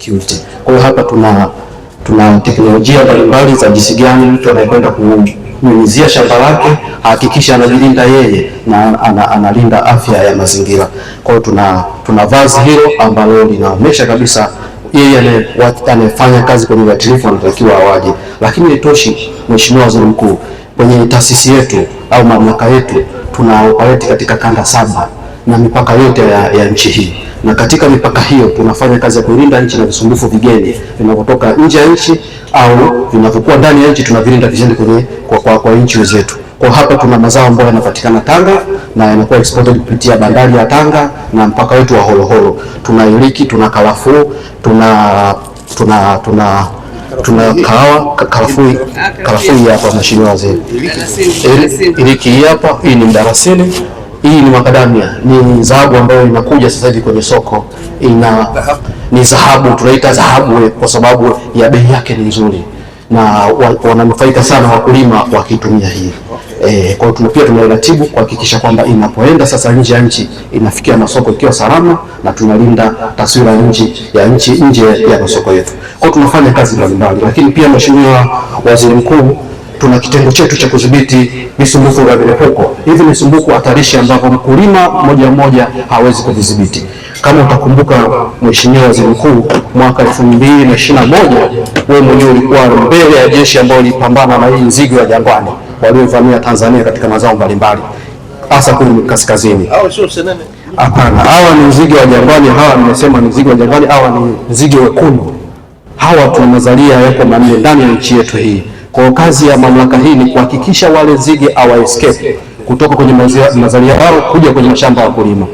Security. Kwa hiyo hapa tuna tuna teknolojia mbalimbali za jinsi gani mtu anayekwenda kunyunyizia shamba lake hakikisha anajilinda yeye na ana, analinda afya ya mazingira. Kwa hiyo tuna tuna vazi hilo ambalo linaonyesha kabisa yeye anayefanya kazi kwenye uatilifu anatakiwa awaje. Lakini itoshi, Mheshimiwa Waziri Mkuu, kwenye taasisi yetu au mamlaka yetu tuna operate katika kanda saba na mipaka yote ya, ya nchi hii na katika mipaka hiyo tunafanya kazi ya kulinda nchi na visumbufu vigeni vinavyotoka nje ya nchi au vinavyokuwa ndani ya nchi, tunavilinda vizuri kwenye kwa, kwa, kwa nchi zetu. Kwa hapa tuna mazao ambayo yanapatikana Tanga na yanakuwa exported kupitia bandari ya Tanga na mpaka wetu wa Horohoro. Tuna iliki, tuna karafuu, tuna tuna tuna tuna kahawa, karafuu karafuu hapa, mheshimiwa waziri, iliki hapa, hii ni mdarasini hii ni makadamia, ni dhahabu ambayo inakuja sasa hivi kwenye soko, ina ni dhahabu tunaita dhahabu eh, kwa sababu ya bei yake ni nzuri, na wananufaika sana wakulima wakitumia hii e. Kwa hiyo pia tunairatibu kuhakikisha kwamba inapoenda sasa nje ya nchi inafikia masoko ikiwa salama, na tunalinda taswira ya nchi ya nchi nje ya masoko yetu. Kwa hiyo tunafanya kazi mbalimbali, lakini pia Mheshimiwa Waziri Mkuu tuna kitengo chetu cha kudhibiti visumbuku vya milipuko. Hivi visumbuku hatarishi ambavyo mkulima moja moja hawezi kudhibiti. Kama utakumbuka, Mheshimiwa Waziri Mkuu, mwaka 2021 wewe mwenyewe ulikuwa mbele ya jeshi ambalo lilipambana na hii nzige wa jangwani waliovamia Tanzania katika mazao mbalimbali hasa kule kaskazini. Hapana, hawa ni nzige wa jangwani. Hawa nimesema ni nzige wa jangwani, hawa ni nzige wekundu. Hawa tuna mazalia yako manne ndani ya nchi yetu hii. Kwa kazi ya mamlaka hii ni kuhakikisha wale nzige hawa escape kutoka kwenye mazalia yao kuja kwenye mashamba ya wakulima.